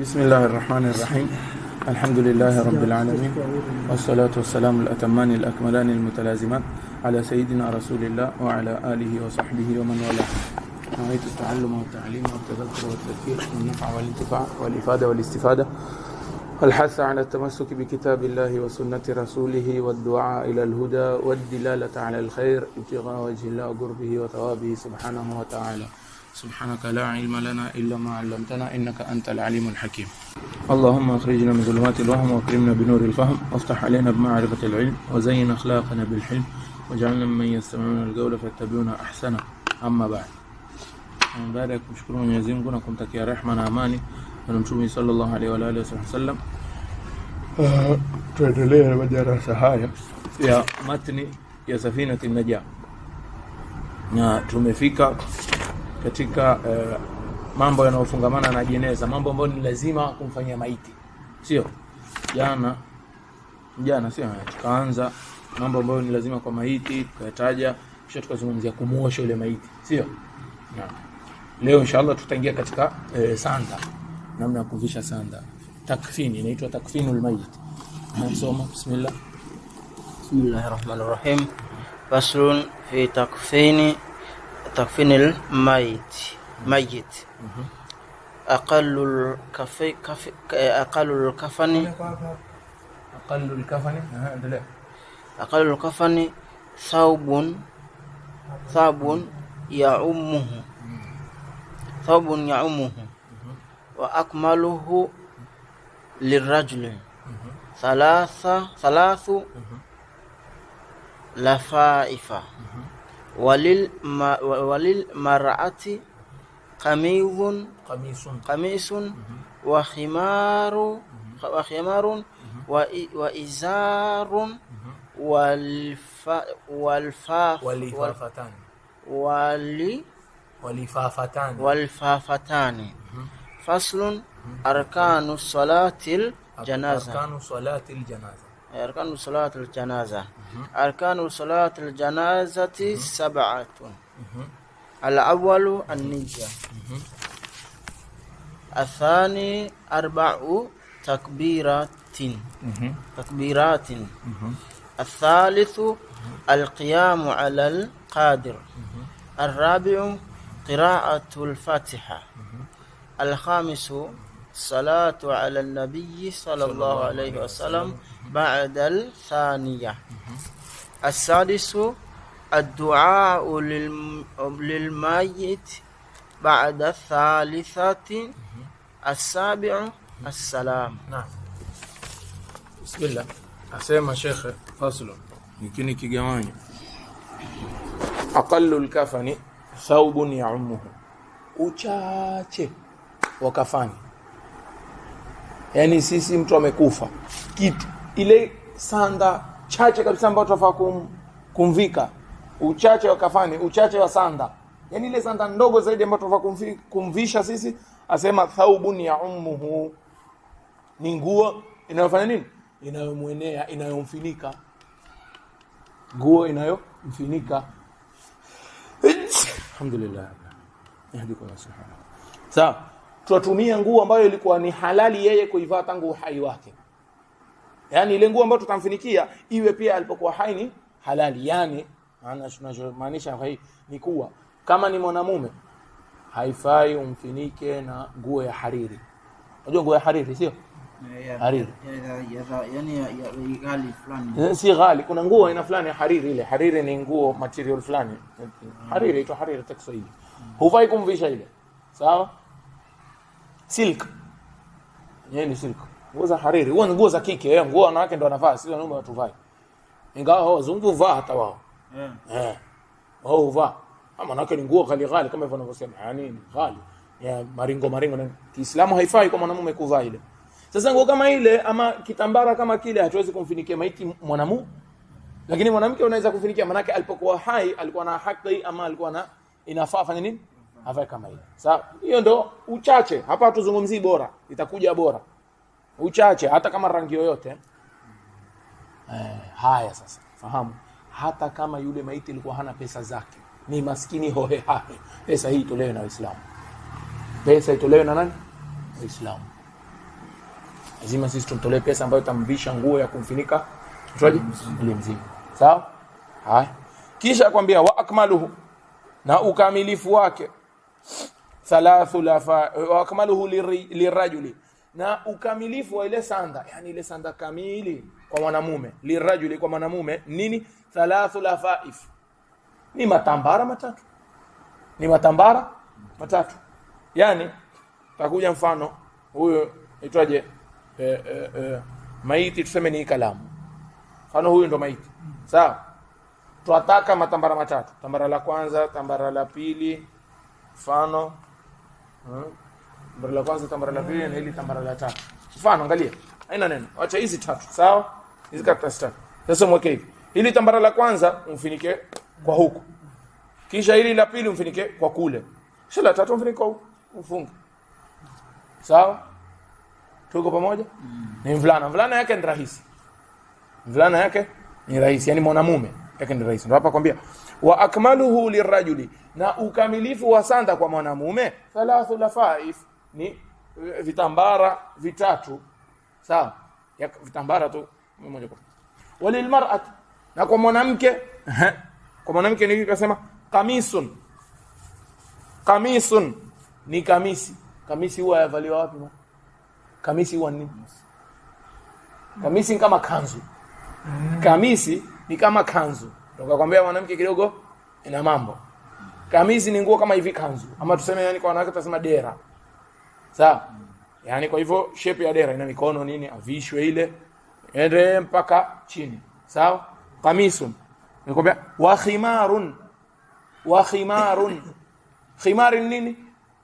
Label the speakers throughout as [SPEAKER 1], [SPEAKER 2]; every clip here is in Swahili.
[SPEAKER 1] بسم الله الرحمن الرحيم الحمد لله رب العالمين والصلاة والسلام الأتمان الأكملان المتلازمان على سيدنا رسول الله وعلى آله وصحبه ومن والاه نويت التعلم والتعليم والتذكر والتذكير والنفع والانتفاع والإفادة والاستفادة الحث على التمسك بكتاب الله وسنة رسوله والدعاء إلى الهدى والدلالة على الخير ابتغاء وجه الله وقربه وثوابه سبحانه وتعالى سبحانك لا علم لنا إلا ما علمتنا إنك أنت العليم الحكيم اللهم أخرجنا من ظلمات الوهم وأكرمنا بنور الفهم وافتح علينا بمعرفة العلم وزين أخلاقنا بالحلم واجعلنا ممن يستمعون القول فيتبعون أحسنه أما بعد من بارك مشكور من كنا كنتك يا رحمة أماني ونمشومي صلى الله عليه وآله وسلم
[SPEAKER 2] tuendelee na madarasa يا ya يا سفينة Safinati Najah na tumefika katika uh, mambo yanayofungamana na jeneza, mambo ambayo ni lazima kumfanyia maiti. Sio jana jana, sio tukaanza mambo ambayo ni lazima kwa maiti tukayataja, kisha tukazungumzia kumuosha yule maiti, sio na leo inshallah tutaingia katika eh, sanda, namna ya kuvisha sanda, takfini inaitwa takfinul mayit. Nasoma, bismillah.
[SPEAKER 3] Bismillahirrahmanirrahim. Faslun fi takfini تكفين الميت ميت أقل الكفي أقل الكفن
[SPEAKER 2] أقل الكفن
[SPEAKER 3] أقل الكفن ثوب ثوب يعمه ثوب يعمه وأكمله للرجل ثلاثة ثلاث لفائفة وللمرأة قميص قميص قميص وخمار وخمار وإزار والف والفاف
[SPEAKER 2] والفافتان
[SPEAKER 3] والي
[SPEAKER 2] والفافتان
[SPEAKER 3] والفافتان فصل أركان صلاة الجنازة أركان صلاة الجنازة أركان صلاة الجنازة أركان صلاة الجنازة سبعة الأول النية الثاني أربع تكبيرات تكبيرات الثالث القيام على القادر الرابع قراءة الفاتحة الخامس الصلاة على النبي صلى الله عليه وسلم بعد الثانية السادس الدعاء للميت بعد الثالثة السابع السلام نعم. بسم الله أسمع شيخ فصل
[SPEAKER 2] يمكن كيغاني أقل الكفن ثوب يعمه uchache وكفاني yani sisi mtu amekufa kitu ile sanda chache kabisa ambayo tunafaa kum, kumvika uchache wa kafani uchache wa sanda yani ile sanda ndogo zaidi ambayo tunafaa kumvisha sisi asema thaubun ya ummuhu ni nguo inayofanya nini inayomwenea inayomfinika nguo inayomfinika alhamdulillah sawa tutatumia nguo ambayo ilikuwa ni halali yeye kuivaa tangu uhai wake yani ile nguo ambayo tutamfunikia iwe pia alipokuwa hai ni halali yani maana tunachomaanisha hai ni kuwa kama ni mwanamume haifai umfinike na nguo ya hariri unajua nguo ya hariri sio hariri si ghali kuna nguo aina fulani ya hariri ile hariri ni nguo material fulani mm. hariri ito hariri takswahili huvai kumvisha ile sawa silk yeye ni silk, nguo za hariri. huwa nguo za kike, yeye eh, nguo wanawake ndio wanavaa, sio wanaume watu vai, ingawa wao zungu vaa hata wao yeah. Eh, wao vaa ama ah, wanawake ni nguo ghali ghali, kama hivyo wanavyosema, yani ah, ni ghali ya maringo maringo, na Kiislamu haifai kwa mwanamume kuvaa ile. Sasa nguo kama ile ama kitambara kama kile hatuwezi kumfinikia maiti mwanamume, lakini mwanamke unaweza kufinikia manake alipokuwa hai alikuwa na haki ama alikuwa na inafaa fanya nini avae kama hiyo. Sawa, hiyo ndo uchache. Hapa hatuzungumzii bora, itakuja bora, uchache hata kama rangi yoyote. Eh, haya sasa fahamu, hata kama yule maiti alikuwa hana pesa zake, ni maskini hohe hahe, pesa hii itolewe na Waislamu. Pesa itolewe na nani? Waislamu. Lazima sisi tumtolee pesa ambayo itamvisha nguo ya kumfinika mtoaji ile mzima. Sawa? Haya. Kisha akwambia wa akmaluhu na ukamilifu wake thalathu lafa wa lirajuli, na ukamilifu wa ile sanda, yani ile sanda kamili kwa mwanamume, lirajuli, kwa mwanamume nini? Thalathu lafaif, ni matambara matatu, ni matambara matatu. Yani takuja mfano huyo itwaje, eh, eh, eh, maiti tuseme ni kalamu, mfano huyu ndo maiti, sawa. Twataka matambara matatu, tambara la kwanza, tambara la pili mfano hmm? Tambara la kwanza, tambara la pili na hili tambara la tatu. Mfano, angalia haina neno, acha hizi tatu sawa, hizi karatasi tatu. Sasa mweke hivi, hili tambara la kwanza umfinike kwa huku, kisha hili la pili umfinike kwa kule, kisha la tatu umfinike kwa huku, ufunge. Sawa, tuko pamoja? Ni mvulana, mvulana yake ni rahisi, mvulana yake ni rahisi, yani mwanamume yake ni rahisi, ndio hapa kwambia wa akmaluhu lirajuli, na ukamilifu wa sanda kwa mwanamume thalathu lafaif, ni eh, vitambara vitatu. Sawa, vitambara tu mmoja kwa walilmar'at, na kwa mwanamke kwa mwanamke ni kasema kamisun, kamisun ni kamisi. Kamisi huwa yavaliwa wapi? Kamisi huwa ni Kamisi ni kama kanzu. Kamisi ni kama kanzu Tukakwambia mwanamke kidogo ina mambo. Kamizi ni nguo kama hivi kanzu, ama tuseme yani kwa wanawake tunasema dera. Sawa? Yaani kwa hivyo shape ya dera ina mikono nini avishwe ile ende mpaka chini. Sawa? Kamisun. Nikwambia wa khimarun wa khimarun. Khimari nini?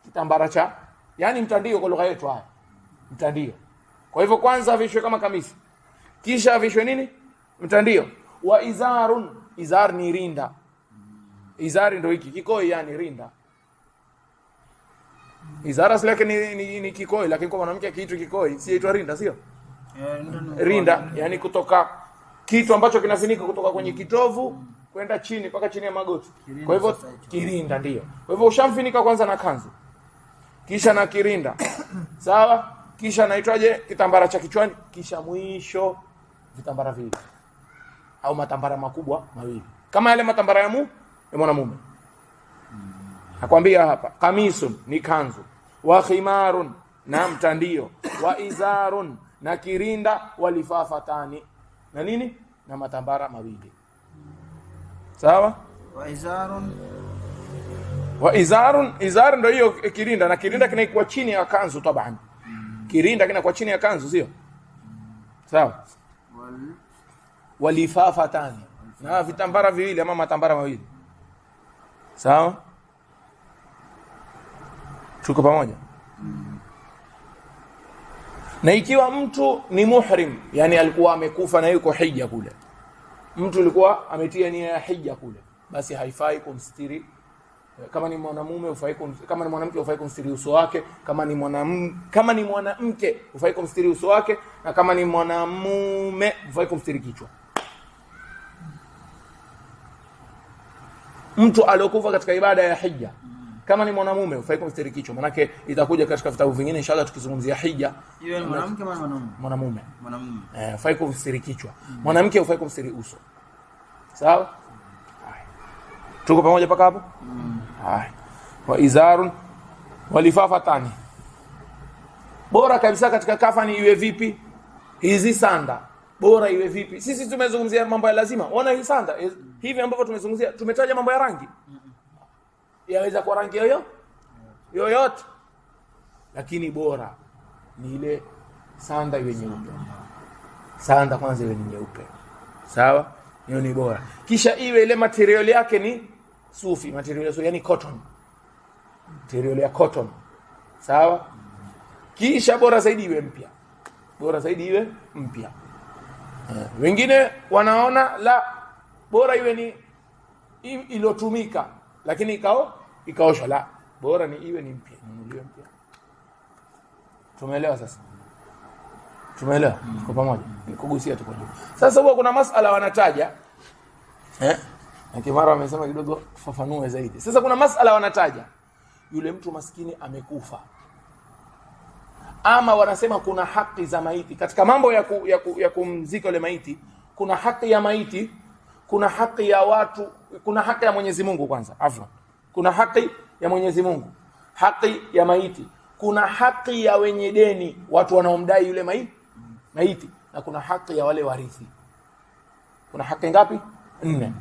[SPEAKER 2] Kitambara cha. Yaani mtandio kwa lugha yetu haya. Mtandio. Kwa hivyo kwanza avishwe kama kamisi. Kisha avishwe nini? Mtandio. Wa izarun izar ni rinda, izari ndo hiki kikoi, yani rinda. Izara asili yake ni, ni, ni kikoi, lakini kwa mwanamke kiitwa kikoi, si itwa rinda, sio rinda, yani kutoka kitu ambacho kinafinika kutoka kwenye kitovu kwenda chini mpaka chini ya magoti. Kwa hivyo kirinda ndio. Kwa hivyo ushamfinika kwanza na kanzu, kisha na kirinda sawa, kisha naitwaje, kitambara cha kichwani, kisha mwisho vitambara vile au matambara makubwa mawili kama yale matambara ya mu ya mwanamume. Nakwambia hapa, kamisun ni kanzu, wa khimarun na mtandio, wa izarun na kirinda, walifafatani na nini na matambara mawili sawa.
[SPEAKER 4] Wa izarun
[SPEAKER 2] wa izarun, izar ndio hiyo kirinda, na kirinda kinaikuwa chini ya kanzu tabani, kirinda kinakuwa chini ya kanzu, sio sawa? walifafa tani na vitambara viwili ama matambara mawili. Sawa, tuko pamoja. Mm. Na ikiwa mtu ni muhrim, yani alikuwa amekufa na yuko hija kule, mtu alikuwa ametia nia ya hija kule, basi haifai kumstiri kama ni mwanamume ufai kum, kama ni mwanamke ufai kumstiri uso wake. Kama ni mwanamke kama ni mwanamke ufai kumstiri uso wake, na kama ni mwanamume ufai kumstiri kichwa. mtu aliokufa katika ibada ya hija kama ni mwanamume ufai kumstiri kichwa, manake itakuja katika vitabu vingine inshallah, tukizungumzia hija.
[SPEAKER 4] Yeye ni mwanamke ama mwanamume?
[SPEAKER 2] Mwanamume, mwanamume eh, ufai kumstiri kichwa. Mwanamke ufai kumstiri uso. Sawa, tuko pamoja paka hapo. Haya, wa izarun walifafatani, bora kabisa katika kafani iwe vipi? Hizi sanda bora iwe vipi? Sisi tumezungumzia mambo ya lazima, ona hii sanda hivi ambavyo tumezungumzia, tumetaja mambo ya rangi, yaweza kuwa rangi yoyo yoyote, lakini bora ni ile sanda iwe nyeupe. Sanda kwanza iwe ni nyeupe, sawa, hiyo ni bora. Kisha iwe ile material yake ni sufi, material ya sufi, yani cotton, material ya cotton, sawa. Kisha bora zaidi iwe mpya, bora zaidi iwe mpya. Eh, wengine wanaona la bora iwe ni iliyotumika lakini ikao ikaoshwa, la bora ni iwe ni mpya, nunuliwe mpya. Tumeelewa sasa? Tumeelewa mm. kwa pamoja, nikugusia tu kwa juu. Sasa huwa kuna masala wanataja eh, lakini mara wamesema kidogo tufafanue zaidi. Sasa kuna masala wanataja, yule mtu maskini amekufa, ama wanasema kuna haki za maiti katika mambo ya, ku, ya, ku, ya kumzika yule maiti. Kuna haki ya maiti kuna haki ya watu, kuna haki ya Mwenyezi Mungu kwanza, afwa, kuna haki ya Mwenyezi Mungu, haki ya maiti, kuna haki ya wenye deni, watu wanaomdai yule maiti maiti, na kuna haki ya wale warithi. Kuna haki ngapi? Nne: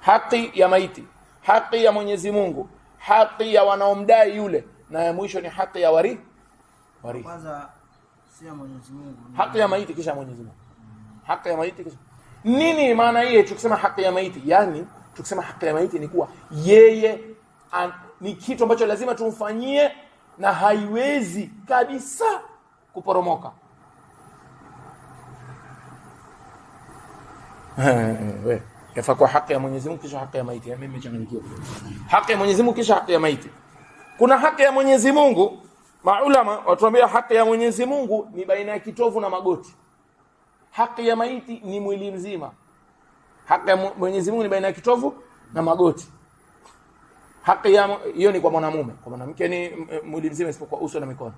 [SPEAKER 2] haki ya maiti, haki ya Mwenyezi Mungu, haki ya wanaomdai yule, na ya mwisho ni haki ya wari Warithi
[SPEAKER 4] kwanza, si ya Mwenyezi Mungu,
[SPEAKER 2] haki ya maiti, kisha Mwenyezi Mungu, haki ya maiti, kisha nini maana hiye tukisema haki ya maiti? Yani tukisema haki ya maiti ni kuwa yeye an, ni kitu ambacho lazima tumfanyie na haiwezi kabisa kuporomoka. Yafaa kuwa haki ya Mwenyezi Mungu kisha haki ya maiti. Mimi Haki ya Mwenyezi Mungu kisha haki ya maiti. Kuna haki ya Mwenyezi Mungu, maulama watuambia haki ya Mwenyezi Mungu ni baina ya kitovu na magoti haki ya maiti ni mwili mzima. Haki ya Mwenyezi Mungu ni baina ya kitovu na magoti. Haki ya hiyo ni kwa mwanamume, kwa mwanamke ni mwili mzima isipokuwa uso na mikono.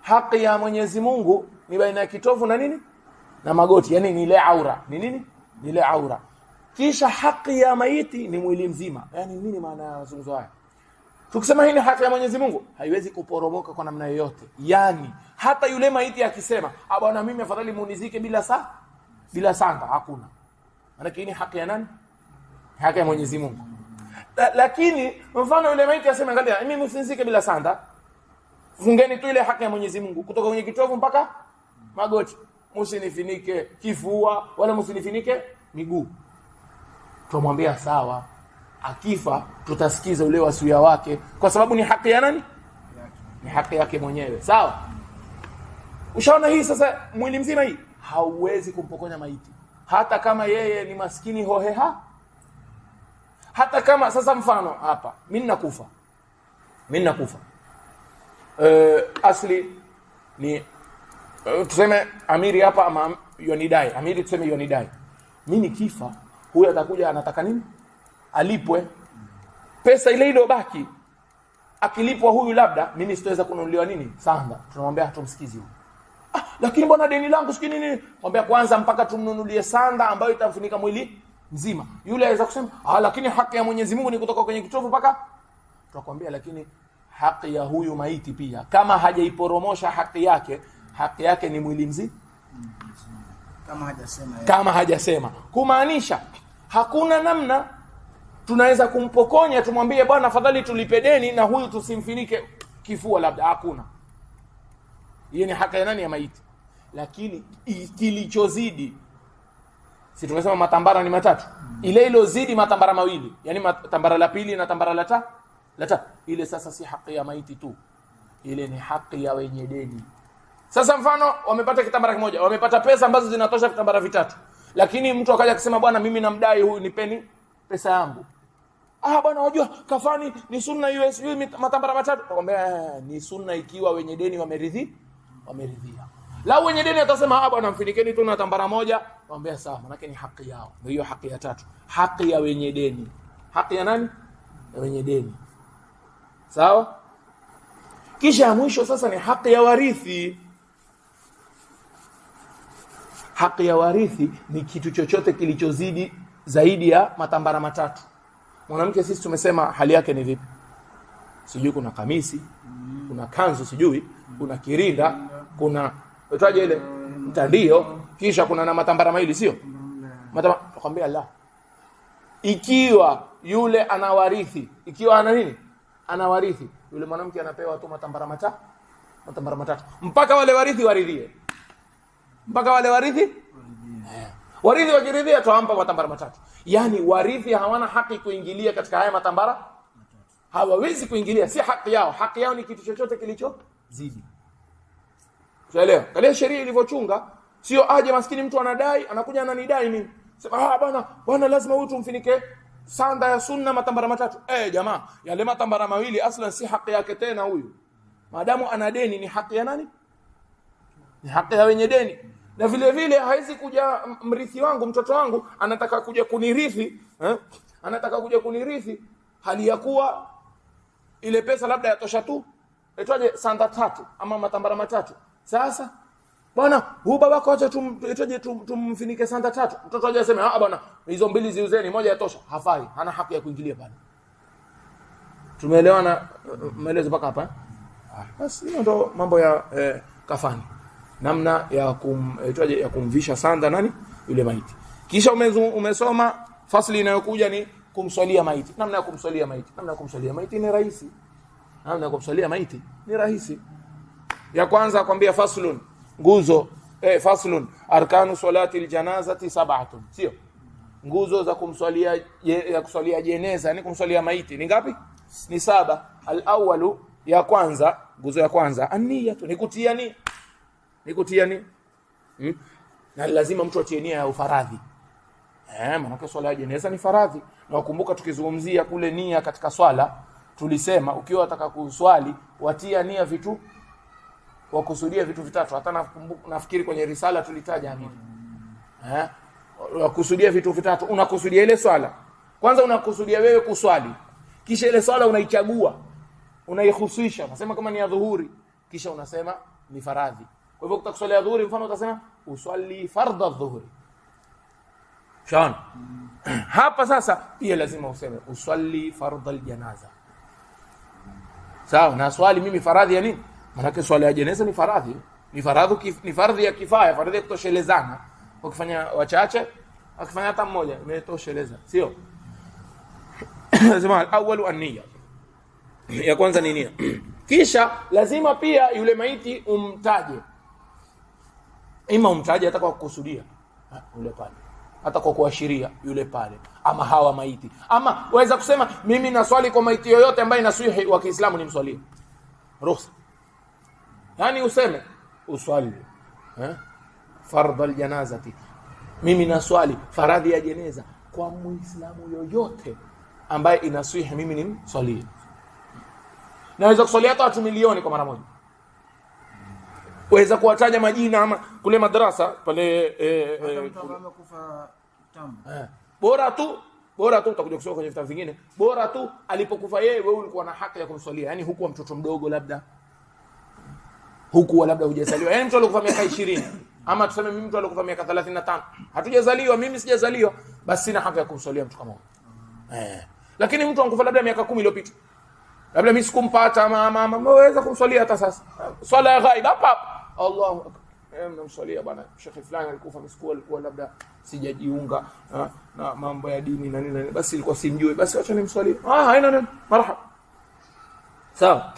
[SPEAKER 2] Haki ya Mwenyezi Mungu ni baina ya kitovu na nini na magoti, yani ni ile aura. Ni nini? Ni ile aura. Kisha haki ya maiti ni mwili mzima. Yani nini maana ya mazungumzo haya? Tukisema hii ni haki ya Mwenyezi Mungu, haiwezi kuporomoka kwa namna yoyote. yani hata yule maiti akisema, ah bwana, mimi afadhali munizike bila sa bila sanga, hakuna maana. Hii ni haki ya nani? Haki ya Mwenyezi Mungu. La, lakini mfano yule maiti asema, angalia, mimi musinzike bila sanda, fungeni tu ile haki ya Mwenyezi Mungu kutoka kwenye kitovu mpaka magoti, musinifinike kifua wala musinifinike miguu. twamwambia sawa akifa tutasikiza ule wasia wake, kwa sababu ni haki ya nani? Ni haki yake mwenyewe. Sawa, ushaona hii sasa. Mwili mzima hii hauwezi kumpokonya maiti, hata kama yeye ni maskini hoheha. Hata kama sasa, mfano hapa mimi nakufa, mimi nakufa e, asli ni e, tuseme amiri hapa ama yonidai amiri, tuseme yonidai, mimi nikifa, huyu atakuja anataka nini? alipwe pesa ile iliyobaki. Akilipwa huyu, labda mimi sitaweza kununuliwa nini sanda, tunamwambia hatumsikizi huyu. Ah, lakini bwana deni langu siki nini? Mwambia kwanza mpaka tumnunulie sanda ambayo itamfunika mwili mzima. Yule aweza kusema ah, lakini haki ya Mwenyezi Mungu ni kutoka kwenye kitovu mpaka. Tunakwambia lakini haki ya huyu maiti pia, kama hajaiporomosha haki yake, haki yake ni mwili mzima
[SPEAKER 4] kama hajasema,
[SPEAKER 2] kama hajasema, kumaanisha hakuna namna tunaweza kumpokonya tumwambie bwana afadhali tulipe deni na huyu tusimfinike kifua labda hakuna hiyo ni haka ya nani ya maiti lakini kilichozidi si tumesema matambara ni matatu ile ilozidi matambara mawili yani matambara la pili na tambara la ta la ile sasa si haki ya maiti tu ile ni haki ya wenye deni sasa mfano wamepata kitambara kimoja wamepata pesa ambazo zinatosha vitambara vitatu lakini mtu akaja kusema bwana mimi namdai huyu nipeni pesa yangu. Ah, bwana unajua kafani ni sunna US matambara matatu. Nakwambia eh, eh, ni sunna ikiwa wenye deni wameridhi wameridhia. Lau wenye deni atasema ah, bwana mfinikeni tu na tambara moja, nakwambia sawa, manake ni haki yao. Ndio hiyo haki ya tatu. Haki ya wenye deni. Haki ya nani? Ya wenye deni. Sawa? Kisha ya mwisho sasa ni haki ya warithi. Haki ya warithi ni kitu chochote kilichozidi zaidi ya matambara matatu. Mwanamke sisi tumesema hali yake ni vipi? Sijui kuna kamisi, kuna kanzu, sijui kuna kirinda, kuna utaje ile mtandio, kisha kuna na matambara mawili, sio matambara. Nakwambia la, ikiwa yule anawarithi, ikiwa ana nini, anawarithi yule mwanamke anapewa tu matambara matatu, matambara matatu mpaka wale warithi waridhie, mpaka wale warithi Warithi wakiridhia tawampa matambara matatu. Yaani warithi hawana haki kuingilia katika haya matambara hawawezi kuingilia, si haki yao. Haki yao ni kitu chochote kilicho zidi Tuelewa. Kalia sheria ilivyochunga, sio aje maskini mtu anadai, anakuja ananidai mimi. Sema ah, bwana bwana, lazima huyu tumfinike sanda ya sunna matambara matatu. Eh, jamaa, yale matambara mawili asla si haki yake tena huyu. Maadamu ana deni ni haki ya nani? Ni haki ya wenye deni na vile vile hawezi kuja mrithi wangu mtoto wangu anataka kuja kunirithi eh? anataka kuja kunirithi hali ya kuwa ile pesa labda yatosha tu etaje sanda tatu ama matambara matatu sasa bwana huyu babako acha tum, itaje tumfinike tum sanda tatu mtoto aje aseme ah bwana hizo mbili ziuzeni moja yatosha hafai hana haki ya kuingilia bwana tumeelewana eh, eh, maelezo mpaka hapa eh? Ah, basi hiyo ndo mambo ya eh, kafani namna ya kum, itwaje, ya kumvisha sanda nani yule maiti. Kisha umezu, umesoma fasli inayokuja ni kumswalia maiti, namna ya kumswalia maiti. Namna ya kumswalia maiti ni rahisi, namna ya kumswalia maiti ni rahisi. Ya kwanza kwambia faslun, nguzo eh, faslun arkanu salati aljanazati sab'atun, sio nguzo za kumswalia ya kuswalia jeneza, ni kumswalia maiti ni ngapi? Ni saba. Alawalu, ya kwanza, nguzo ya kwanza aniyatu, ni kutia nia nikutia ni hmm? na lazima mtu atie nia ya ufaradhi eh, maana swala ya jeneza ni faradhi, na ukumbuka tukizungumzia kule nia katika swala tulisema ukiwa unataka kuswali watia nia vitu wakusudia vitu vitatu. Hata nafikiri kwenye risala tulitaja hivi eh, wakusudia vitu vitatu. Unakusudia ile swala kwanza, unakusudia wewe kuswali, kisha ile swala unaichagua, unaihusisha, unasema kama ni ya dhuhuri, kisha unasema ni faradhi. وفوقتك صلي ظهور فانو تسمع وصلي فرض الظهر شان ها بساسا هي لازم اسمع وصلي فرض الجنازه ساو نسوالي ميمي فرادي يعني مراك سوالي الجنازة ني فرادي ني فرادو كيف ني فرضي كفايه فرضي توشلزانا وكفانا وچاچه وكفانا تامولا مي توشلزا سيو لازم الاول النيه ya kwanza ni nia kisha lazima pia yule maiti ima umtaje hata kwa kukusudia yule pale hata kwa kuashiria yule pale ama hawa maiti ama waweza kusema mimi naswali kwa maiti yoyote ambaye nasuhi wa Kiislamu ni mswali ruhusa yani useme uswali eh fardhu aljanazati mimi naswali faradhi ya jeneza kwa muislamu yoyote ambaye inaswihi mimi ni mswali naweza kuswalia hata watu milioni kwa mara moja waweza kuwataja majina ama kule madrasa pale eh, eh, eh, eh, bora tu bora tu utakuja kusoma kwenye vitabu vingine, bora tu alipokufa yeye, wewe ulikuwa na haki ya kumswalia. Yani hukuwa mtoto mdogo, labda hukuwa labda hujazaliwa, yani mtu alikufa miaka 20 ama tuseme mimi mtu alikufa miaka 35, hatujazaliwa, mimi sijazaliwa, basi sina haki ya kumswalia mtu kama huyo eh. Lakini mtu angekufa labda miaka 10 iliyopita, labda mimi sikumpata, ama ama, ama, waweza kumswalia hata sasa, swala ya ghaib hapa hapa Allahu akbar. Mnamswalia eh, bwana Sheikh fulani alikufa miskuwa, alikuwa labda sijajiunga na mambo ya dini na nini, na basi ilikuwa simjui, basi acha nimswalie. Ah, haina neno, marhaba, sawa,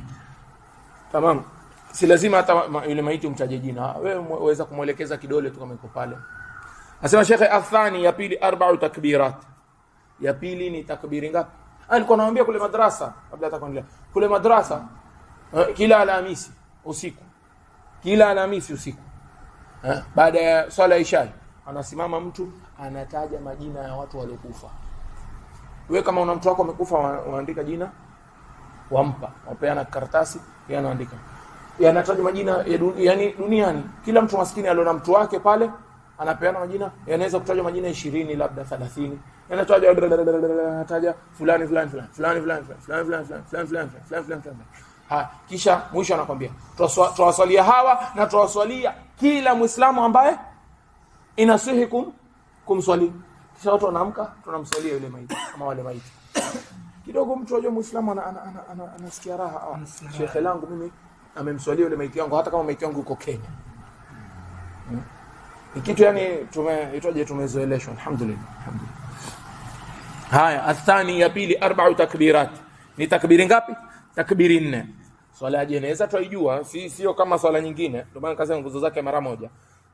[SPEAKER 2] tamam. Si lazima hata yule maiti umtaje jina, wewe unaweza kumwelekeza kidole tu kama iko pale. Asema Sheikh athani, ya pili, arba'u takbirat, ya pili ni takbiri ngapi? Alikuwa ah, anamwambia kule madrasa, kabla hata kuendelea kule madrasa, eh, kila Alhamisi usiku kila Alhamisi usiku ha? baada ya swala ya ishai anasimama mtu anataja majina ya watu waliokufa. Wewe kama una mtu wako amekufa, waandika jina, wampa, wapeana karatasi, yeye anaandika, yanataja majina ya dun, yani duniani kila mtu maskini aliona mtu wake pale, anapeana majina, yanaweza kutaja majina 20 labda 30, yanataja taja fulani fulani fulani fulani fulani fulani fulani fulani fulani fulani fulani fulani fulani Ha, kisha mwisho anakwambia twawaswalia hawa na twawaswalia kila Muislamu ambaye inasihi kum, kumswali. Kisha watu wanaamka, tunamswalia yule maiti ama wale maiti kidogo. Mtu ajua mwislamu anasikia ana, ana, ana, ana raha ah, shekhe langu mimi amemswalia yule maiti yangu, hata kama maiti yangu uko Kenya hmm? ni kitu yani tumeitwaje, tumezoeleshwa. alhamdulillah. Haya, athani ya pili, arba'u takbirat. Ni takbiri ngapi? takbiri nne. Swala ya jeneza twaijua, si sio kama swala nyingine, ndio maana kasema nguzo zake mara moja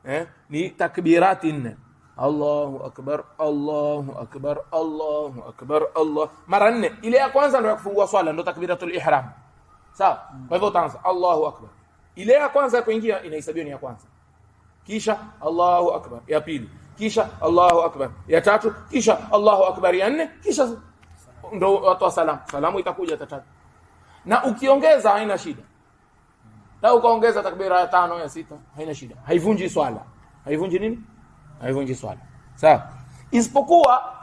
[SPEAKER 2] eh, ni takbirati nne. Allahu akbar, Allahu akbar, Allahu akbar, Allah mara nne. Ile ya kwanza ndio ya kufungua swala, ndio takbiratul ihram, sawa? Mm. Kwa hivyo utaanza Allahu akbar, ile ya kwanza ya kuingia inahesabiwa ni ya kwanza, kisha Allahu akbar ya pili, kisha Allahu akbar ya tatu, kisha Allahu akbar ya nne, kisha ndio watu wa salamu. Salamu itakuja tatatu na ukiongeza haina shida, na ukaongeza takbira ya tano ya sita haina shida, haivunji swala. Haivunji nini? Haivunji swala, sawa. Isipokuwa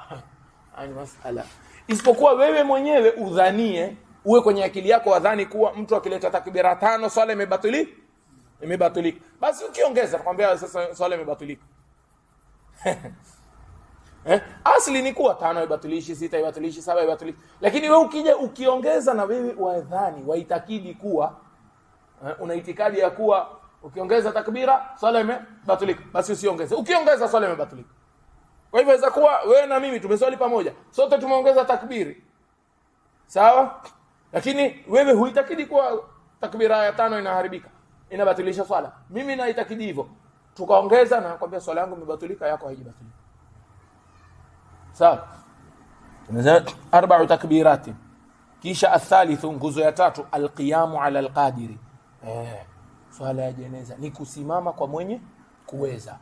[SPEAKER 2] ani masala, isipokuwa wewe mwenyewe udhanie, uwe kwenye akili yako wadhani kuwa mtu akileta takbira tano swala imebatili imebatilika. Basi ukiongeza takwambia sasa swala imebatilika Eh? Asili ni kuwa tano ibatilishi, sita ibatilishi, saba ibatilishi. Lakini wewe ukija ukiongeza na wewe waadhani waitakidi kuwa eh, una itikadi ya kuwa ukiongeza takbira swala imebatilika. Basi usiongeze. Ukiongeza swala imebatilika. Kwa hivyo inaweza kuwa wewe na mimi tumeswali pamoja. Sote tumeongeza takbiri. Sawa? Lakini wewe huitakidi kuwa takbira ya tano inaharibika. Inabatilisha swala. Mimi naitakidi hivyo. Tukaongeza na kwambia swala yangu imebatilika, yako haijibatilika sawa arba'u takbirati kisha athalithu nguzo ya tatu alqiyamu ala alqadiri eh swala ya jeneza ni kusimama kwa mwenye kuweza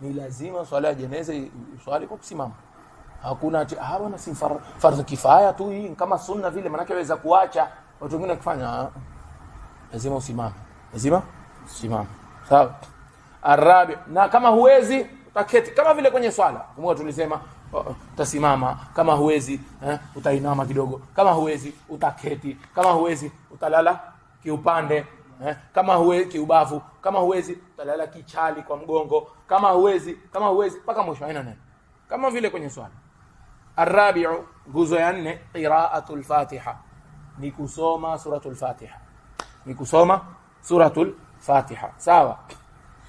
[SPEAKER 2] ni lazima swala ya jeneza swali kwa kusimama hakuna ati ah bwana si fardhu kifaya tu hii kama sunna vile manake waweza kuacha watu wengine wakifanya ah, lazima usimame lazima usimame sawa arabi na kama huwezi taketi kama vile kwenye swala kumbuka tulisema utasimama, kama huwezi eh, utainama kidogo, kama huwezi utaketi, kama huwezi utalala kiupande eh, kama huwezi kiubavu, kama huwezi utalala kichali kwa mgongo, kama huwezi, kama huwezi mpaka mwisho. Haina neno, kama vile kwenye swala. Arabiu, nguzo ya nne, qiraatul Fatiha ni kusoma suratul Fatiha, ni kusoma suratul Fatiha, sawa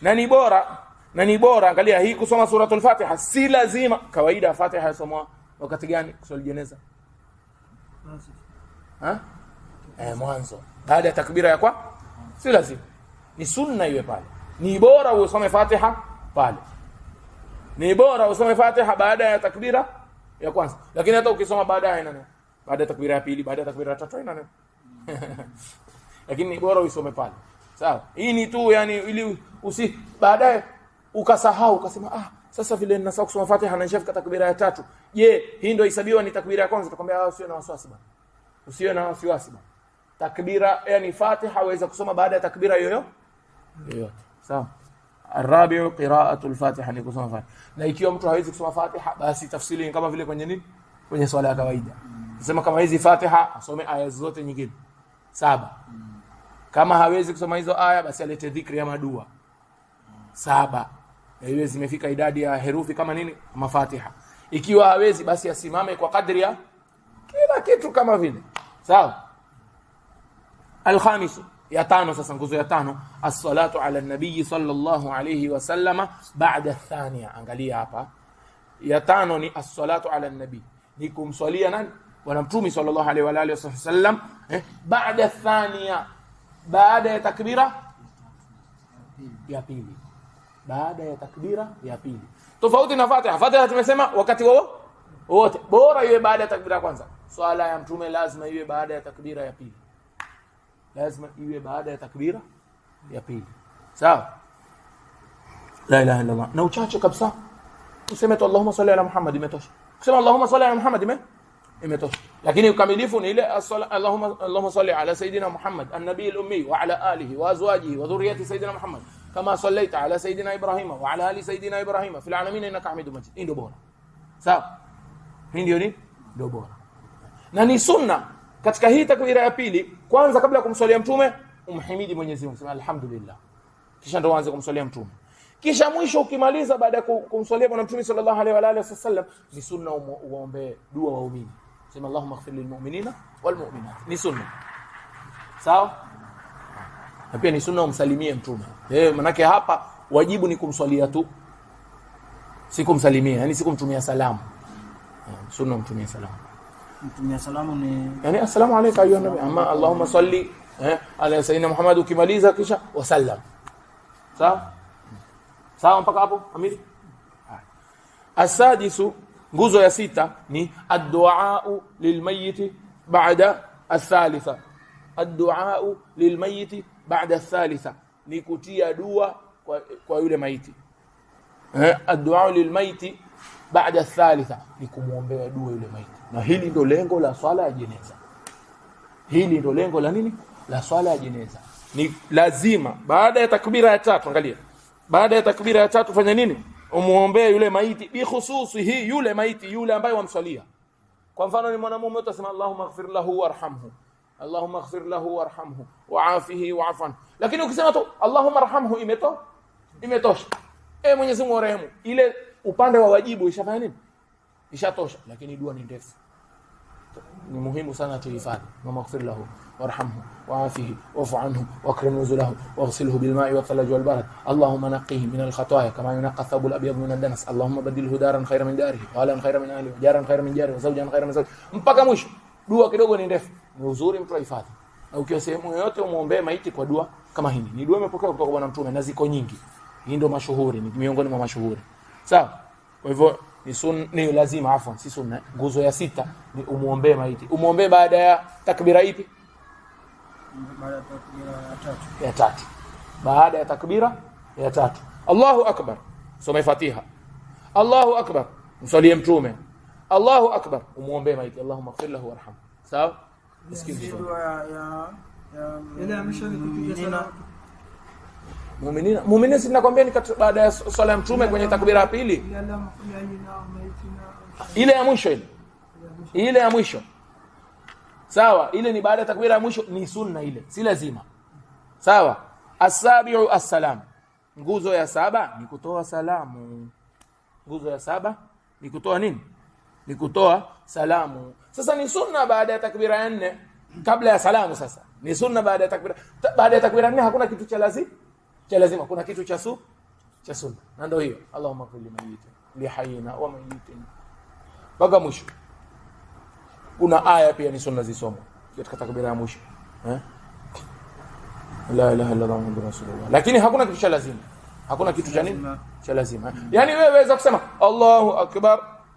[SPEAKER 2] na ni bora na ni bora. Angalia hii kusoma suratul Fatiha si lazima. Kawaida Fatiha yasomwa wakati gani? Kusali jeneza ha eh, mwanzo baada ya takbira ya kwa, si lazima, ni sunna iwe pale. Ni bora usome Fatiha pale, ni bora usome Fatiha baada ya takbira ya kwanza, lakini hata ukisoma baada ya nani, baada ya takbira ya pili, baada ya takbira ya tatu nani lakini ni bora usome pale, sawa. Hii ni tu yani, ili usi baadaye ukasahau ukasema ah sasa vile ninasahau kusoma Fatiha na nishafika takbira ya tatu je hii ndio isabiwa ni takbira ya kwanza utakwambia ah usiwe na wasiwasi bwana usiwe na wasiwasi bwana takbira yani Fatiha waweza kusoma baada ya takbira yoyo yoyote sawa arabi qira'atu al-Fatiha ni kusoma Fatiha na ikiwa mtu hawezi kusoma Fatiha basi tafsiri ni kama vile kwenye nini kwenye swala ya kawaida nasema kama hizi Fatiha asome aya zote nyingine saba kama hawezi kusoma hizo aya basi alete dhikri ya madua saba iwe zimefika idadi ya herufi kama nini Mafatiha. Ikiwa hawezi basi asimame kwa kadri ya kila kitu kama vile sawa. Alkhamis, ya tano sasa, nguzo ya tano, as-salatu ala nabii sallallahu alayhi wasallama baada thania. Angalia hapa, ya tano ni as-salatu ala nabii, ni kumswalia nani? Bwana Mtume sallallahu alayhi wa alihi wasallam eh, baada thania, baada ya takbira ya pili baada ya takbira ya pili, tofauti na Fatiha. Fatiha tumesema wakati wao wote, bora iwe baada ya takbira kwanza. Swala ya Mtume lazima iwe baada ya takbira ya pili, lazima iwe baada ya takbira ya pili. Sawa, la ilaha illa Allah. Na uchache kabisa useme tu Allahumma salli ala Muhammad, imetosha. Kusema Allahumma salli ala Muhammad imetosha, lakini ukamilifu ni ile Allahumma Allahumma salli ala sayidina Muhammad an-nabiy al-ummi wa ala alihi wa azwajihi wa dhurriyyati sayidina Muhammad kama sallaita ala sayidina Ibrahima wa ala ali sayidina Ibrahima fil alamin innaka Hamidum Majid. Hii ndio bora, sawa. Hii ndio ni ndio bora, na ni sunna katika hii takbira ya pili. Kwanza kabla ya kumswalia mtume umhimidi Mwenyezi Mungu, sema alhamdulillah, kisha ndo uanze kumswalia mtume, kisha mwisho ukimaliza, baada ya kumswalia bwana mtume sallallahu alaihi wa alihi wasallam, ni sunna uombe dua waumini, sema allahumma ighfir lil mu'minina wal mu'minat, ni sunna sawa. so, na pia ni sunna umsalimie mtume eh, manake hapa wajibu ni kumswalia tu, si kumsalimia yani si kumtumia salamu. Eh, sunna umtumie salamu, mtumia salamu ni yani assalamu alayka ayuha nabi, ama allahumma salli eh, ala sayyidina Muhammad, ukimaliza kisha wa sallam Sawa sawa, mpaka hapo amiri. Asadisu, nguzo ya sita ni addu'a lilmayyit ba'da athalitha, addu'a lilmayyit baada thalitha ni kutia dua kwa, kwa yule maiti eh, addu'a lilmaiti baada thalitha ni kumwombea dua yule maiti, na hili ndo lengo la swala ya jeneza. Hili ndo lengo la nini la swala ya jeneza. Ni lazima baada ya takbira ya tatu, angalia, baada ya takbira ya tatu fanya nini? umuombea yule maiti bikhususi, hii yule maiti yule ambaye wamswalia. Kwa mfano ni mwanamume, utasema Allahumma ighfir lahu warhamhu allahumma ighfir lahu warhamhu waafihi waafan. Lakini ukisema tu allahumma arhamhu imeto imetosha, e Mwenyezi Mungu warehemu, ile upande wa wajibu ishafanya nini? Ishatosha. Lakini dua ni ndefu, ni muhimu sana tuhifadhi. allahumma ighfir lahu warhamhu waafihi wafu anhu wakrim nuzulahu waghsilhu bilmai wathalaj walbarad allahumma naqihi min alkhataya kama yunaqa thabu labyadu min aldanas allahumma badilhu daran khaira min darihi waalan khaira min ahlihi wajaran khaira min jarihi wazaujan khaira min zauji, mpaka mwisho. Dua kidogo ni ndefu ni uzuri mtu ahifadhi, na ukiwa sehemu yoyote umuombee maiti kwa dua kama hii Ni dua imepokea kutoka kwa Bwana Mtume na ziko nyingi. Hii ndio mashuhuri, ni miongoni mwa mashuhuri. Sawa? Kwa hivyo ni sunna, ni lazima afwan, si sunna. Nguzo ya sita ni umuombee maiti. Umuombee baada ya takbira ipi?
[SPEAKER 4] Baada ya takbira ya tatu.
[SPEAKER 2] Ya tatu. Baada ya takbira ya tatu. Allahu akbar. Soma Fatiha. Allahu akbar. Msalie Mtume. Allahu akbar. Umuombee maiti. Allahumma ighfir lahu warhamhu. Sawa?
[SPEAKER 4] muminina mm, si nakwambia ni baada ya swala ya mtume kwenye takbira ya pili, ile ya mwisho, ile ile ya mwisho sawa, ile ni baada ya takbira ya mwisho, ni sunna ile, si lazima. Sawa, asabiu assalam, nguzo ya saba ni kutoa salamu. Nguzo ya saba ni kutoa nini? Ni kutoa salamu. Sasa ni sunna baada ya takbira ya nne, kabla ya salamu. Sasa ni sunna baada ya takbira, baada ya takbira nne hakuna kitu cha lazima cha lazima, kuna kitu cha su cha sunna, na ndio hiyo Allahumma kulli mayyitin li hayyina wa mayyitin baga mwisho. Kuna aya pia ni sunna zisoma katika takbira ya mwisho eh, la ilaha illa Allah muhammadur rasulullah, lakini hakuna kitu cha lazima, hakuna kitu cha nini cha lazima. Yani wewe waweza kusema Allahu akbar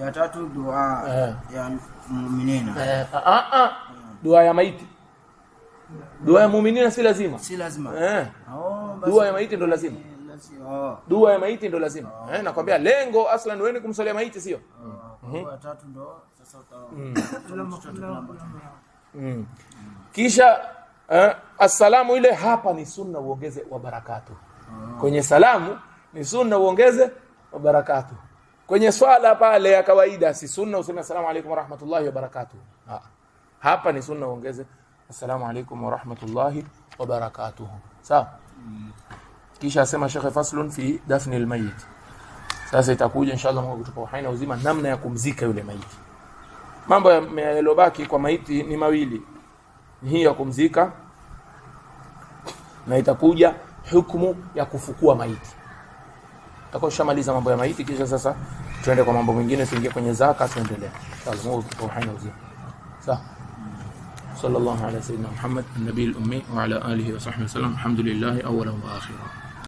[SPEAKER 4] ya tatu dua eh. ya muminina eh, a ah, a ah, ah. dua ya maiti dua ya muminina si lazima, si lazima eh, oh, dua ya maiti ndo lazima eh, oh, dua ya maiti ndo lazima oh, eh, nakwambia lengo aslan wewe ni kumsalia maiti sio? oh, mhm. mm -hmm. mm. kisha eh, assalamu ile hapa ni sunna uongeze wa barakatu oh. kwenye salamu ni sunna uongeze wa barakatu kwenye swala pale ya kawaida, si sunna useme asalamu alaykum wa rahmatullahi wa barakatuh. ha. Ah, hapa ni sunna uongeze asalamu alaykum wa rahmatullahi wa barakatuh. Sawa. Kisha asema shekhe faslun fi dafni almayit. Sasa itakuja inshallah, Mungu kutupa uhai na uzima, namna ya kumzika yule maiti. Mambo yaliyobaki kwa maiti ni mawili, hii ya kumzika na itakuja hukumu ya kufukua maiti. takao shamaliza mambo ya maiti, kisha sasa tuende kwa mambo mengine, tuingie kwenye zaka, tuendelee inshallah. Mungu tukuhani uzima. Sawa. صلى الله على سيدنا محمد النبي الأمي وعلى آله وصحبه وسلم الحمد لله أولا وآخرا